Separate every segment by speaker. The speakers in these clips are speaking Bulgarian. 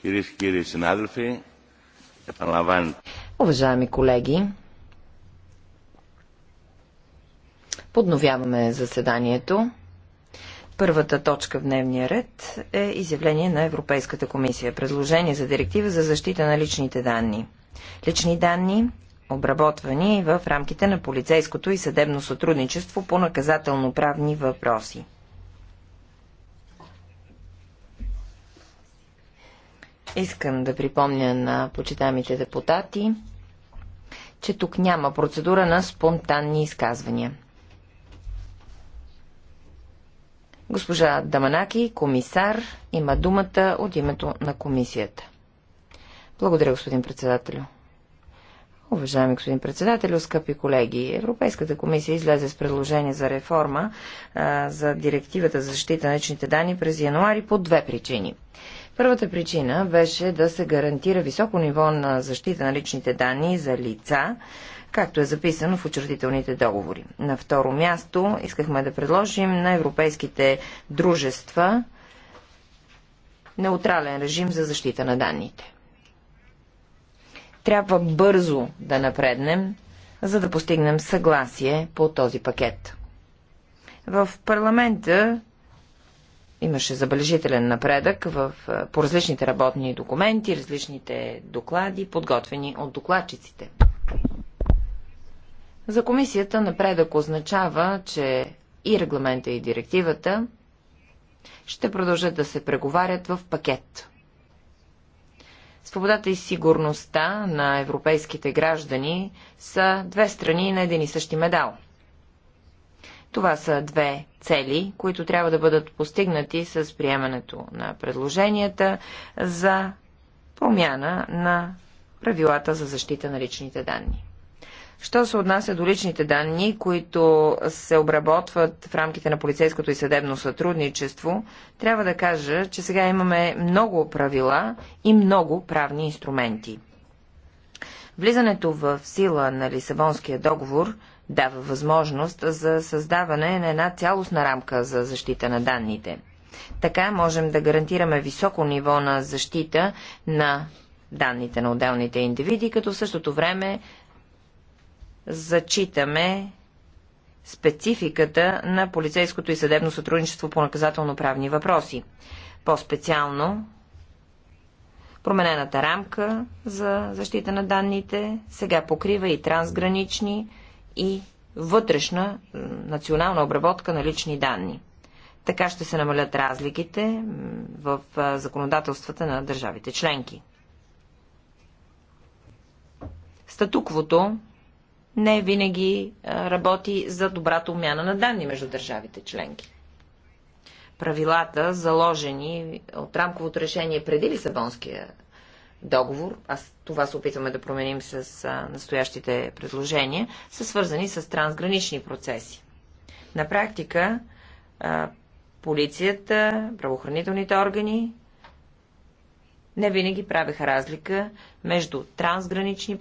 Speaker 1: Κυρίες και κύριοι συνάδελφοι, επαναλαμβάνω.
Speaker 2: Уважаеми колеги, подновяваме заседанието. Първата точка в дневния ред е изявление на Европейската комисия. Предложение за директива за защита на личните данни. Лични данни, обработвани в рамките на полицейското и съдебно сътрудничество по наказателно-правни въпроси. Искам да припомня на почитамите депутати, че тук няма процедура на спонтанни изказвания. Госпожа Даманаки, комисар, има думата от името на комисията. Благодаря, господин председателю. Уважаеми господин председател, скъпи колеги, Европейската комисия излезе с предложение за реформа а, за директивата за защита на личните данни през януари по две причини. Първата причина беше да се гарантира високо ниво на защита на личните данни за лица, както е записано в учредителните договори. На второ място искахме да предложим на европейските дружества неутрален режим за защита на данните. Трябва бързо да напреднем, за да постигнем съгласие по този пакет. В парламента Имаше забележителен напредък в, по различните работни документи, различните доклади, подготвени от докладчиците. За комисията напредък означава, че и регламента и директивата ще продължат да се преговарят в пакет. Свободата и сигурността на европейските граждани са две страни на един и същи медал – това са две цели, които трябва да бъдат постигнати с приемането на предложенията за промяна на правилата за защита на личните данни. Що се отнася до личните данни, които се обработват в рамките на полицейското и съдебно сътрудничество, трябва да кажа, че сега имаме много правила и много правни инструменти. Влизането в сила на Лисабонския договор дава възможност за създаване на една цялостна рамка за защита на данните. Така можем да гарантираме високо ниво на защита на данните на отделните индивиди, като в същото време зачитаме спецификата на полицейското и съдебно сътрудничество по наказателно-правни въпроси. По-специално променената рамка за защита на данните сега покрива и трансгранични и вътрешна национална обработка на лични данни. Така ще се намалят разликите в законодателствата на държавите членки. Статуквото не винаги работи за добрата умяна на данни между държавите членки. Правилата, заложени от рамковото решение преди Лисабонския договор, аз това се опитваме да променим с настоящите предложения, са свързани с трансгранични процеси. На практика полицията, правоохранителните органи не винаги правеха разлика между трансгранични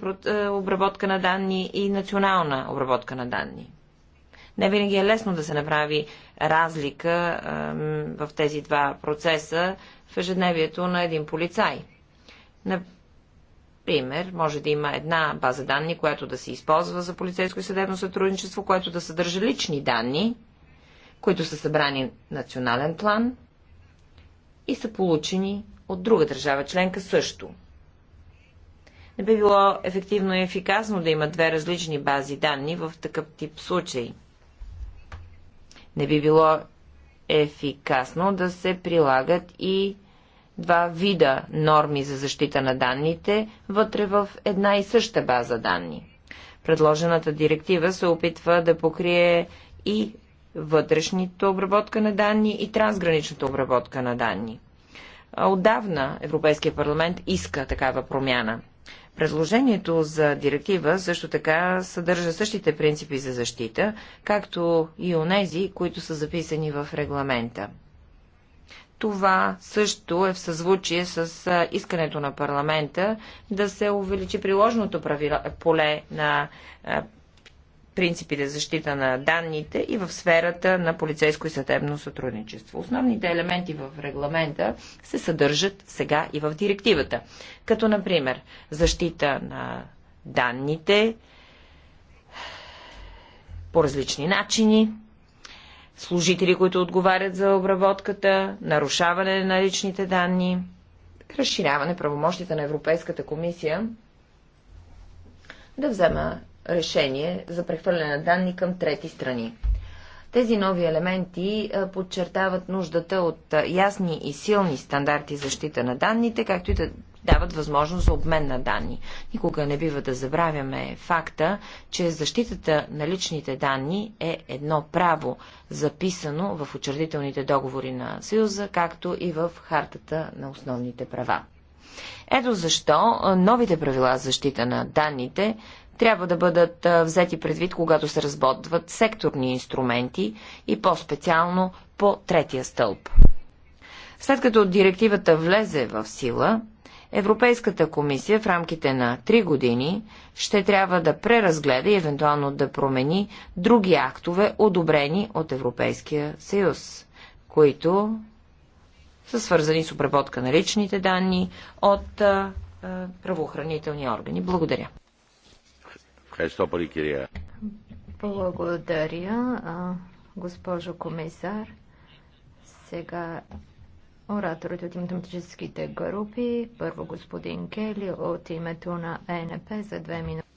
Speaker 2: обработка на данни и национална обработка на данни. Не винаги е лесно да се направи разлика в тези два процеса в ежедневието на един полицай. Пример, може да има една база данни, която да се използва за полицейско и съдебно сътрудничество, което да съдържа лични данни, които са събрани национален план и са получени от друга държава членка също. Не би било ефективно и ефикасно да има две различни бази данни в такъв тип случай. Не би било ефикасно да се прилагат и два вида норми за защита на данните вътре в една и съща база данни. Предложената директива се опитва да покрие и вътрешната обработка на данни и трансграничната обработка на данни. Отдавна Европейския парламент иска такава промяна. Предложението за директива също така съдържа същите принципи за защита, както и онези, които са записани в регламента. Това също е в съзвучие с искането на парламента да се увеличи приложното поле на принципите за защита на данните и в сферата на полицейско и съдебно сътрудничество. Основните елементи в регламента се съдържат сега и в директивата, като например защита на данните по различни начини, служители, които отговарят за обработката, нарушаване на личните данни, разширяване правомощите на Европейската комисия да взема решение за прехвърляне на данни към трети страни. Тези нови елементи подчертават нуждата от ясни и силни стандарти защита на данните, както и да дават възможност за обмен на данни. Никога не бива да забравяме факта, че защитата на личните данни е едно право, записано в учредителните договори на Съюза, както и в хартата на основните права. Ето защо новите правила за защита на данните трябва да бъдат взети предвид, когато се разботват секторни инструменти и по-специално по третия стълб. След като директивата влезе в сила, Европейската комисия в рамките на 3 години ще трябва да преразгледа и евентуално да промени други актове, одобрени от Европейския съюз, които са свързани с обработка на личните данни от
Speaker 3: правоохранителни органи. Благодаря. Благодаря, госпожо комисар. Сега Ораторите от математическите групи. Първо господин Кели от името на ЕНП за две минути.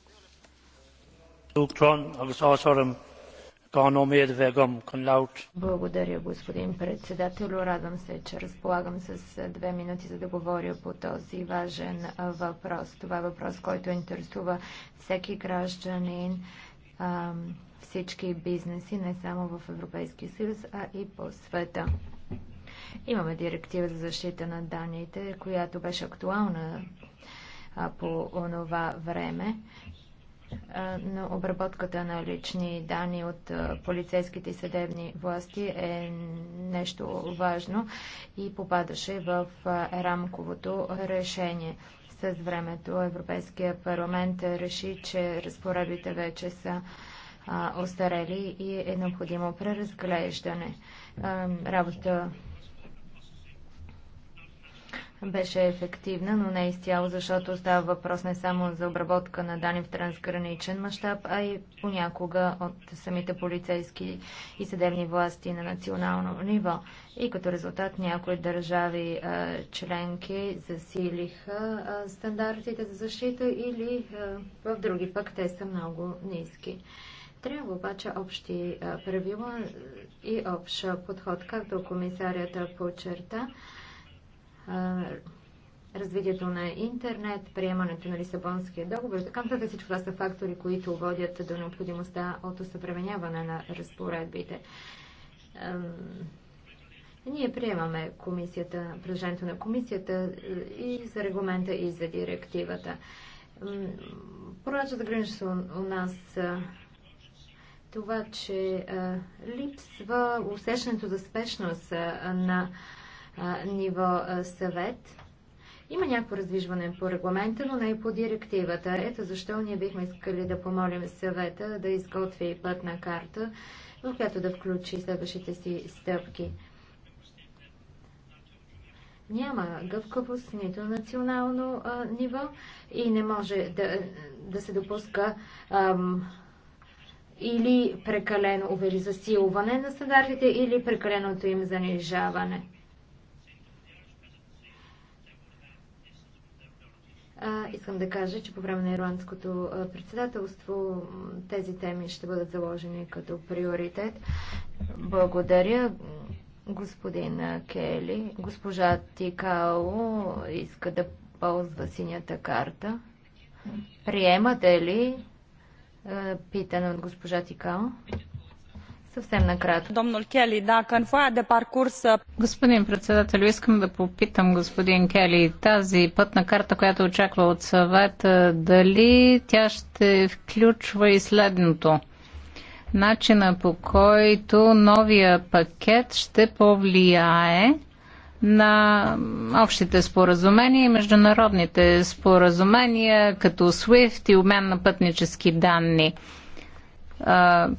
Speaker 3: Благодаря, господин председател. Радвам се, че разполагам с е, две минути, за да говоря по този важен е, въпрос. Това е въпрос, който интересува всеки гражданин, всички бизнеси, не само в Европейския съюз, а и по света. Имаме директива за защита на данните, която беше актуална а, по онова време, а, но обработката на лични данни от а, полицейските и съдебни власти е нещо важно и попадаше в рамковото решение. С времето Европейския парламент реши, че разпоредбите вече са остарели и е необходимо преразглеждане. Работа беше ефективна, но не изцяло, защото става въпрос не само за обработка на данни в трансграничен мащаб, а и понякога от самите полицейски и съдебни власти на национално ниво. И като резултат някои държави членки засилиха стандартите за защита или в други пък те са много ниски. Трябва обаче общи правила и общ подход, както комисарията подчерта развитието на интернет, приемането на Лисабонския договор. Така нататък всичко това са фактори, които водят до необходимостта от осъвременяване на разпоредбите. Ние приемаме комисията, предложението на комисията е, и за регламента, и за директивата. за заграничество у нас това, че липсва усещането за спешност на а, ниво а, съвет. Има някакво раздвижване по регламента, но не и по директивата. Ето защо ние бихме искали да помолим съвета да изготви пътна карта, в която да включи следващите си стъпки. Няма гъвкавост нито национално а, ниво и не може да, да се допуска ам, или прекалено увери засилване на стандартите, или прекаленото им занижаване. Искам да кажа, че по време на ирландското председателство тези теми ще бъдат заложени като приоритет. Благодаря. Господин Кели, госпожа Тикао иска да ползва синята карта. Приемате ли? Питане от госпожа Тикао. Съвсем накратко. Домнул Кели, да,
Speaker 1: Господин председател, искам да попитам господин Кели, тази пътна карта, която очаква от съвета, дали тя ще включва и следното? Начина по който новия пакет ще повлияе на общите споразумения и международните споразумения, като SWIFT и обмен на пътнически данни –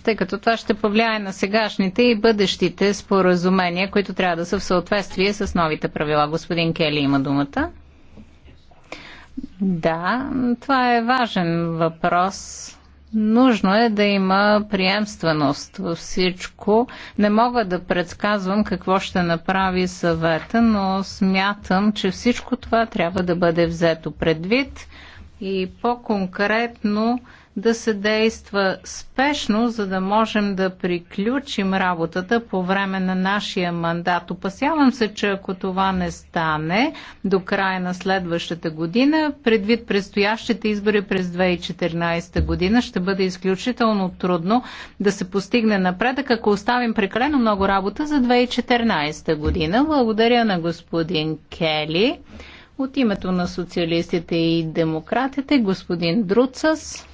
Speaker 1: тъй като това ще повлияе на сегашните и бъдещите споразумения, които трябва да са в съответствие с новите правила. Господин Кели има думата. Да, това е важен въпрос. Нужно е да има приемственост във всичко. Не мога да предсказвам какво ще направи съвета, но смятам, че всичко това трябва да бъде взето предвид и по-конкретно да се действа спешно, за да можем да приключим работата по време на нашия мандат. Опасявам се, че ако това не стане до края на следващата година, предвид предстоящите избори през 2014 година, ще бъде изключително трудно да се постигне напредък, ако оставим прекалено много работа за 2014 година. Благодаря на господин Кели. От името на социалистите и демократите, господин Друцас.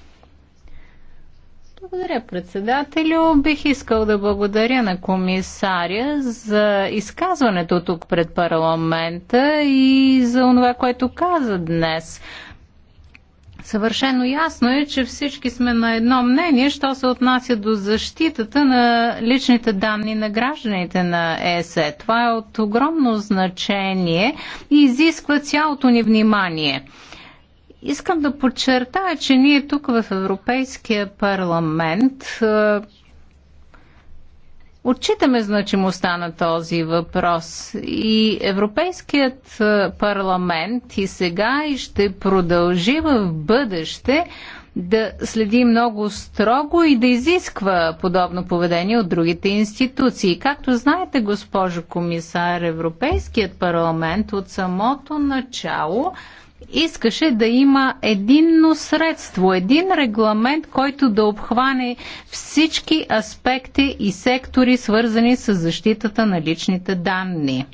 Speaker 1: Благодаря, председателю. Бих искал да благодаря на комисаря за изказването тук пред парламента и за това, което каза днес. Съвършено ясно е, че всички сме на едно мнение, що се отнася до защитата на личните данни на гражданите на ЕСЕ. Това е от огромно значение и изисква цялото ни внимание. Искам да подчертая, че ние тук в Европейския парламент е, Отчитаме значимостта на този въпрос и Европейският е, парламент и сега и ще продължи в бъдеще да следи много строго и да изисква подобно поведение от другите институции. Както знаете, госпожо комисар, Европейският парламент от самото начало искаше да има единно средство, един регламент, който да обхване всички аспекти и сектори, свързани с защитата на личните данни.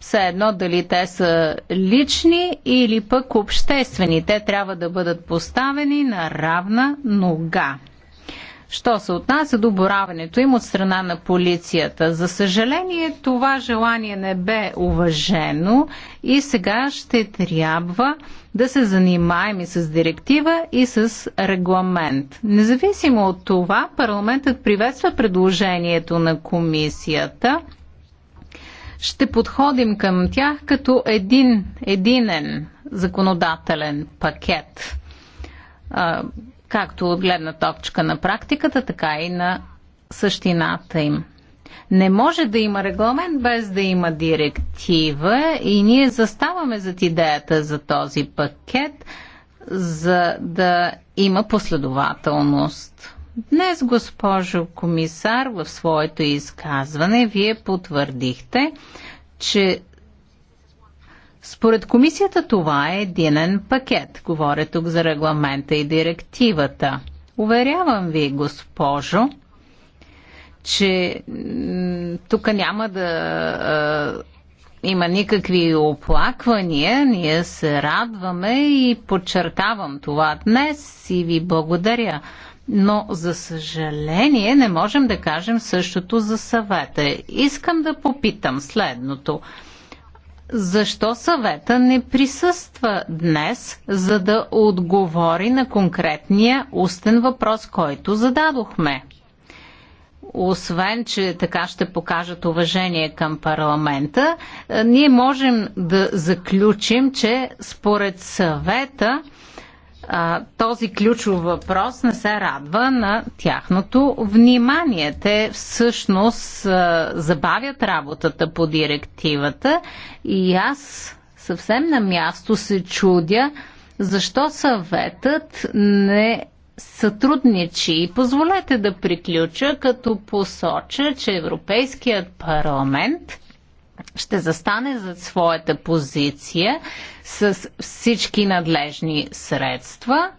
Speaker 1: Все едно дали те са лични или пък обществени, те трябва да бъдат поставени на равна нога що се отнася до боравенето им от страна на полицията. За съжаление, това желание не бе уважено и сега ще трябва да се занимаем и с директива и с регламент. Независимо от това, парламентът приветства предложението на комисията. Ще подходим към тях като един единен законодателен пакет както от гледна точка на практиката, така и на същината им. Не може да има регламент без да има директива и ние заставаме зад идеята за този пакет, за да има последователност. Днес, госпожо комисар, в своето изказване вие потвърдихте, че според комисията това е единен пакет. Говоря тук за регламента и директивата. Уверявам ви, госпожо, че тук няма да а, има никакви оплаквания. Ние се радваме и подчертавам това днес и ви благодаря. Но, за съжаление, не можем да кажем същото за съвета. Искам да попитам следното. Защо съвета не присъства днес, за да отговори на конкретния устен въпрос, който зададохме? освен, че така ще покажат уважение към парламента, е, ние можем да заключим, че според съвета а, този ключов въпрос не се радва на тяхното внимание. Те всъщност а, забавят работата по директивата и аз съвсем на място се чудя защо съветът не сътрудничи. И позволете да приключа, като посоча, че Европейският парламент ще застане зад своята позиция с всички надлежни средства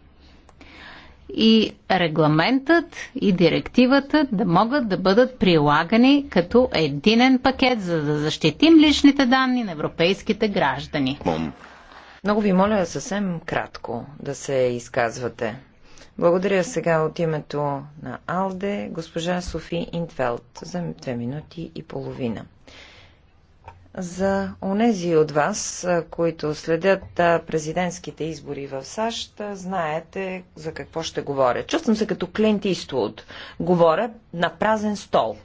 Speaker 1: и регламентът и директивата да могат да бъдат прилагани като единен пакет, за да защитим личните данни на европейските граждани.
Speaker 2: Много ви моля съвсем кратко да се изказвате. Благодаря сега от името на Алде, госпожа Софи Интфелд, за две минути и половина за онези от вас, които следят президентските избори в САЩ, знаете за какво ще говоря. Чувствам се като Клинт Иствуд. Говоря на празен стол.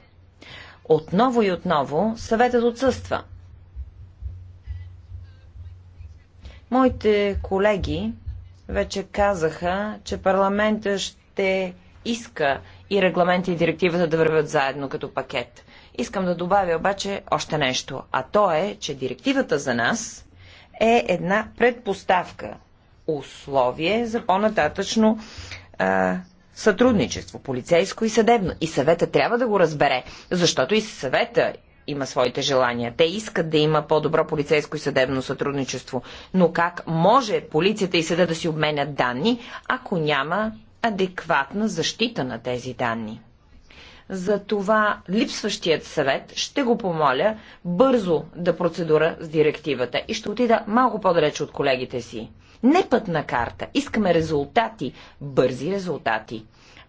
Speaker 2: Отново и отново съветът отсъства. Моите колеги вече казаха, че парламента ще иска и регламенти, и директивата да вървят заедно като пакет. Искам да добавя обаче още нещо, а то е, че директивата за нас е една предпоставка, условие за по-нататъчно сътрудничество, полицейско и съдебно. И съвета трябва да го разбере, защото и съвета има своите желания. Те искат да има по-добро полицейско и съдебно сътрудничество. Но как може полицията и съда да си обменят данни, ако няма адекватна защита на тези данни? За това липсващият съвет ще го помоля бързо да процедура с директивата и ще отида малко по-далеч от колегите си. Не пътна карта. Искаме резултати. Бързи резултати.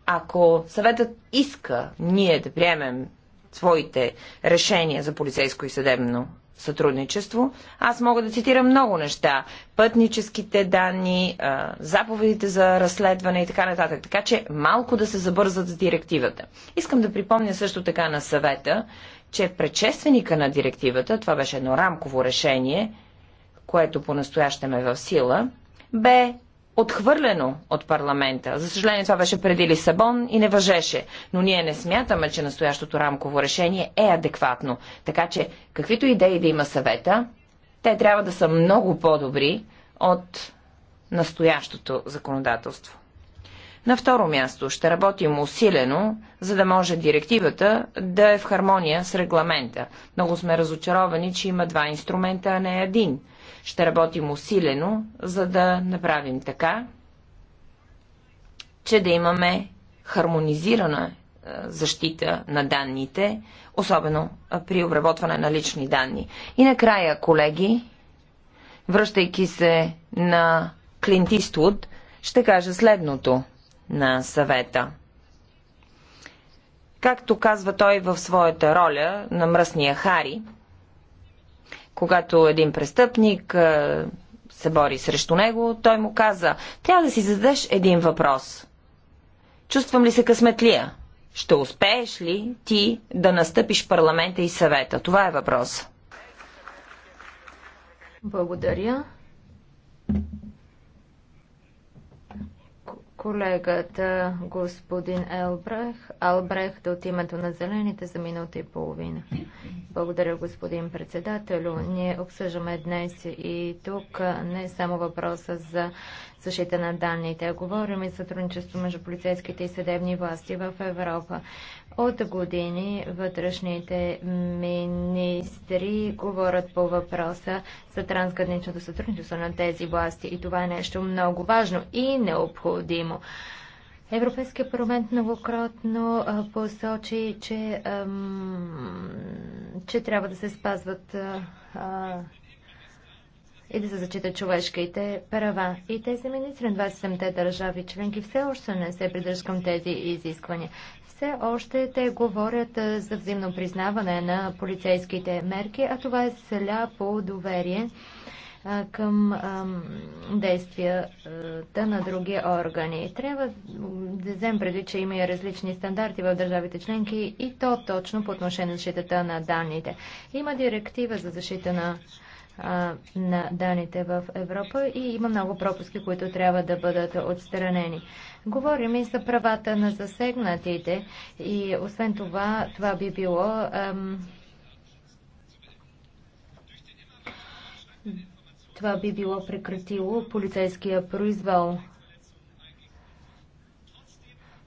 Speaker 2: Ако съветът иска ние да приемем своите решения за полицейско и съдебно сътрудничество. Аз мога да цитирам много неща. Пътническите данни, заповедите за разследване и така нататък. Така че малко да се забързат с директивата. Искам да припомня също така на съвета, че предшественика на директивата, това беше едно рамково решение, което по-настоящем е в сила, бе отхвърлено от парламента. За съжаление това беше преди Лисабон и не въжеше. Но ние не смятаме, че настоящото рамково решение е адекватно. Така че, каквито идеи да има съвета, те трябва да са много по-добри от настоящото законодателство. На второ място ще работим усилено, за да може директивата да е в хармония с регламента. Много сме разочаровани, че има два инструмента, а не един – ще работим усилено, за да направим така, че да имаме хармонизирана е, защита на данните, особено е, при обработване на лични данни. И накрая, колеги, връщайки се на Клинт Иствуд, ще кажа следното на съвета. Както казва той в своята роля на мръсния Хари – когато един престъпник се бори срещу него, той му каза, трябва да си зададеш един въпрос. Чувствам ли се късметлия? Ще успееш ли ти да настъпиш парламента и съвета? Това е въпрос.
Speaker 3: Благодаря колегата господин Елбрех, Албрехт от името на Зелените за минута и половина. Благодаря, господин председател. Ние обсъждаме днес и тук не само въпроса за защита на данните, а говорим и сътрудничество между полицейските и съдебни власти в Европа. От години вътрешните министри говорят по въпроса за трансграничното сътрудничество на тези власти и това е нещо много важно и необходимо. Европейския парламент многократно посочи, че, че трябва да се спазват и да се зачитат човешките права. И тези министри на 27-те държави членки все още не се придържат към тези изисквания. Все още те говорят за взаимно признаване на полицейските мерки, а това е сляпо доверие към действията на други органи. Трябва да вземем предвид, че има и различни стандарти в държавите членки и то точно по отношение на защитата на данните. Има директива за защита на на данните в Европа и има много пропуски, които трябва да бъдат отстранени. Говорим и за правата на засегнатите и освен това, това би било ам, това би било прекратило полицейския произвол.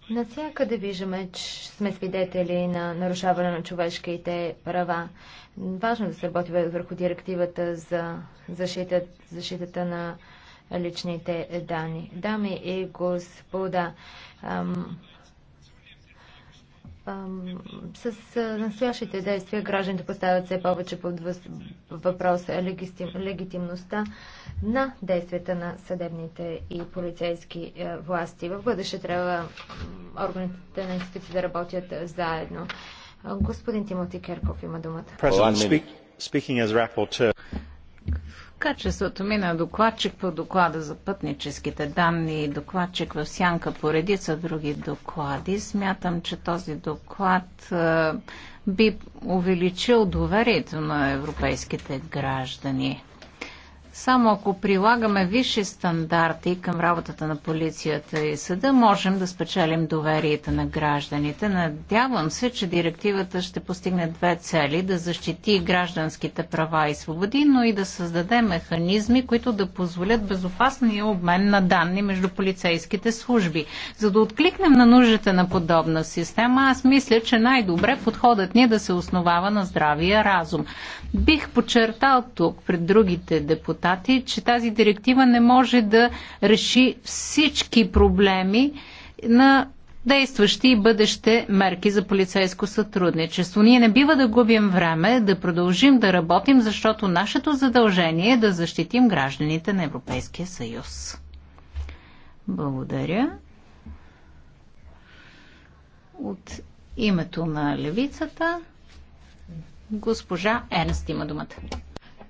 Speaker 3: Навсякъде виждаме, че сме свидетели на нарушаване на човешките права. Важно е да се работи върху директивата за защитата на личните данни. Дами и господа, с настоящите действия гражданите поставят все повече под въпрос легитимността на действията на съдебните и полицейски е, власти. В бъдеще трябва органите на институции да работят заедно. Господин Тимоти Керков има думата
Speaker 1: качеството ми на докладчик по доклада за пътническите данни и докладчик в сянка по редица други доклади, смятам, че този доклад е, би увеличил доверието на европейските граждани. Само ако прилагаме висши стандарти към работата на полицията и съда, можем да спечелим доверието на гражданите. Надявам се, че директивата ще постигне две цели да защити гражданските права и свободи, но и да създаде механизми, които да позволят безопасния обмен на данни между полицейските служби. За да откликнем на нуждата на подобна система, аз мисля, че най-добре подходът ни е да се основава на здравия разум. Бих подчертал тук пред другите депутати, депутати, че тази директива не може да реши всички проблеми на действащи и бъдеще мерки за полицейско сътрудничество. Ние не бива да губим време, да продължим да работим, защото нашето задължение е да защитим гражданите на Европейския съюз. Благодаря. От името на левицата госпожа Ернст има думата.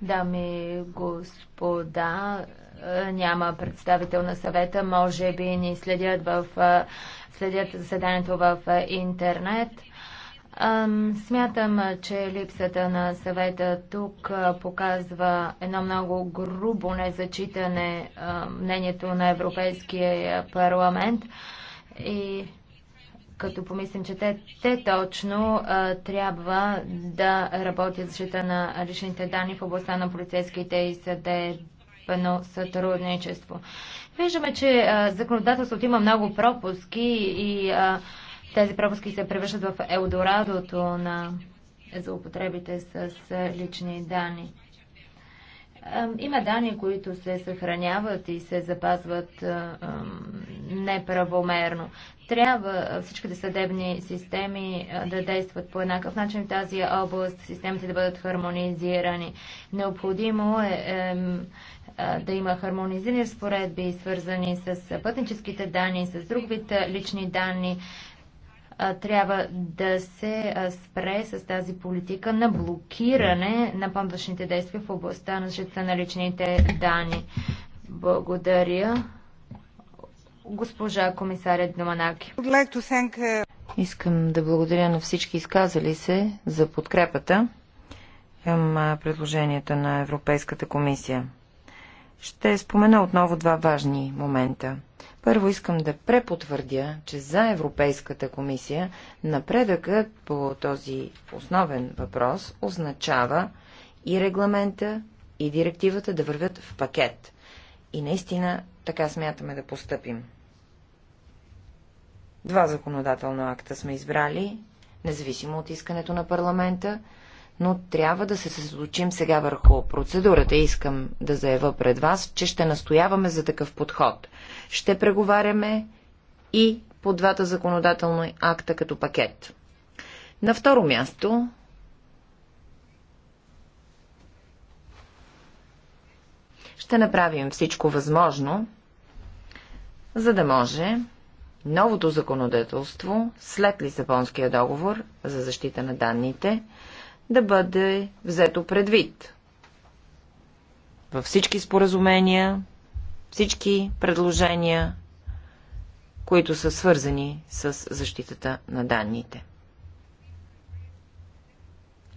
Speaker 3: Дами господа, е, няма представител на съвета, може би ни следят, в, е, следят заседанието в е, интернет. Смятам, че липсата на съвета тук показва едно много грубо незачитане мнението на Европейския парламент и като помислим, че те, те точно а, трябва да работят защита на личните данни в областта на полицейските и съдебно сътрудничество. Виждаме, че а, законодателството има много пропуски и а, тези пропуски се превръщат в елдорадото на злоупотребите с лични данни. Има данни, които се съхраняват и се запазват неправомерно. Трябва всичките съдебни системи да действат по еднакъв начин в тази област, системите да бъдат хармонизирани. Необходимо е да има хармонизирани разпоредби, свързани с пътническите данни, с друг вид лични данни трябва да се спре с тази политика на блокиране на помощните действия в областта на защита на личните данни. Благодаря. Госпожа комисарят Доманаки. Uh,
Speaker 2: Искам да благодаря на всички изказали се за подкрепата към предложенията на Европейската комисия. Ще спомена отново два важни момента. Първо искам да препотвърдя, че за Европейската комисия напредъкът по този основен въпрос означава и регламента, и директивата да вървят в пакет. И наистина така смятаме да постъпим. Два законодателно акта сме избрали, независимо от искането на парламента, но трябва да се съсредоточим сега върху процедурата. Искам да заява пред вас, че ще настояваме за такъв подход. Ще преговаряме и по двата законодателни акта като пакет. На второ място ще направим всичко възможно, за да може новото законодателство след Лисабонския договор за защита на данните да бъде взето предвид. Във всички споразумения, всички предложения, които са свързани с защитата на данните.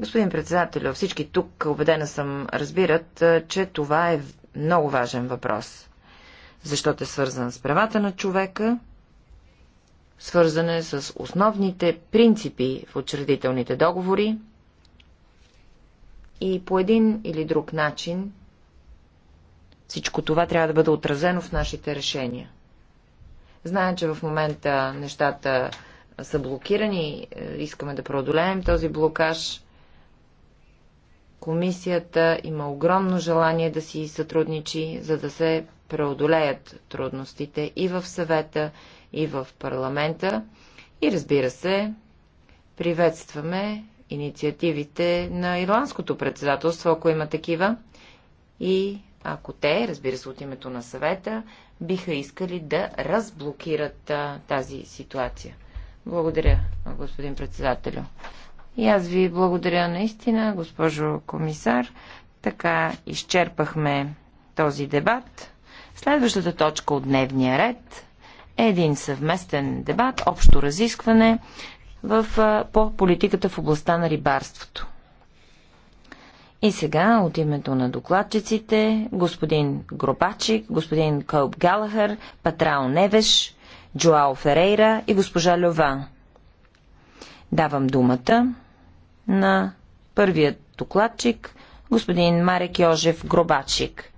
Speaker 2: Господин председател, всички тук, убедена съм, разбират, че това е много важен въпрос, защото е свързан с правата на човека, Свързане с основните принципи в учредителните договори, и по един или друг начин всичко това трябва да бъде отразено в нашите решения. Знаем, че в момента нещата са блокирани, е, искаме да преодолеем този блокаж. Комисията има огромно желание да си сътрудничи, за да се преодолеят трудностите и в съвета, и в парламента. И разбира се, приветстваме инициативите на ирландското председателство, ако има такива. И ако те, разбира се от името на съвета, биха искали да разблокират а, тази ситуация. Благодаря, господин председателю. И аз ви благодаря наистина, госпожо комисар. Така изчерпахме този дебат. Следващата точка от дневния ред е един съвместен дебат, общо разискване в, по политиката в областта на рибарството. И сега от името на докладчиците господин Гробачик, господин Кълб Галахър, Патрао Невеш, Джоао Ферейра и госпожа Льова. Давам думата на първият докладчик, господин Марек Йожев Гробачик.